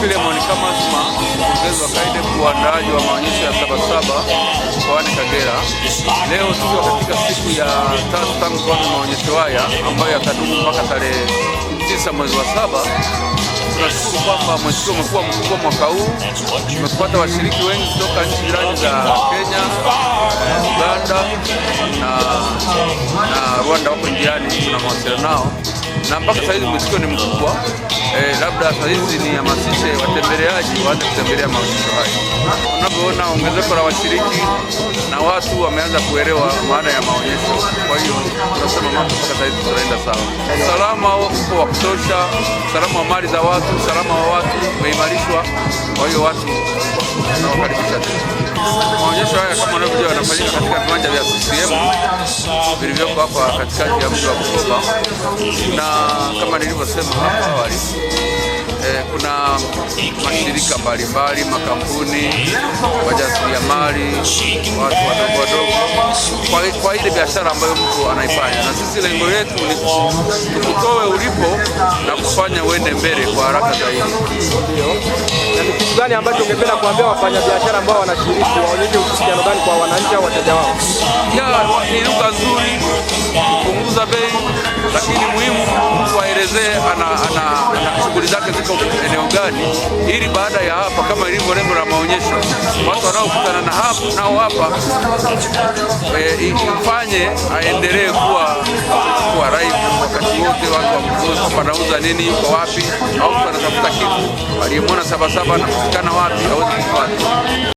Filemon Kamazima, mkurugenzi wa KAIDEB uandaaji wa maonyesho ya Sabasaba mkoani Kagera. Leo tukiwa katika siku ya tatu tangu kuanza maonyesho haya ambayo yatadumu mpaka tarehe tisa mwezi wa saba. Tunashukuru kwamba mwitikio umekuwa mkubwa mwaka huu, tumepata washiriki wengi kutoka nchi jirani za Kenya, eh, Uganda na, na Rwanda wako njiani, tuna mawasiliano nao na mpaka saizi mwitikio ni mkubwa. Eh, labda saizi hamasishe watembeleaji waanze kutembelea maonyesho haya. Unavyoona ongezeko la washiriki na watu wameanza kuelewa maana ya maonyesho. Kwa hiyo tunasema mambo mpaka saizi tunaenda sawa. Usalama uko wa kutosha, usalama wa mali za watu, usalama wa watu umeimarishwa, kwa hiyo watu Maonyesho haya kama unavyojua yanafanyika katika viwanja vya CCM vilivyoko hapa katikati ya mji wa Bukoba, na kama nilivyosema hapo awali eh, kuna mashirika mbalimbali, makampuni, wajasiriamali, watu wadogo wadogo, kwa, kwa ile biashara ambayo mtu anaifanya, na sisi lengo letu ni tukutoe ulipo na kufanya uende mbele kwa haraka zaidi. Na kitu gani ambacho ungependa kuambia wafanyabiashara ambao wanashiriki, waonyeshe ushirikiano gani kwa wananchi au wateja wao? Ni lugha nzuri, kupunguza bei, lakini muhimu mtu aelezee ana, ana, ana shughuli zake ziko eneo gani, ili baada ya hapa, kama ilivyo lengo la maonyesho, watu wanaokutana na hapa nao hapa e, ifanye aendelee wajuzi, watu wa mzuzi, wanauza nini, kwa wapi, au mtu anatafuta kitu, aliyemwona Sabasaba anapatikana wapi, aweze kupata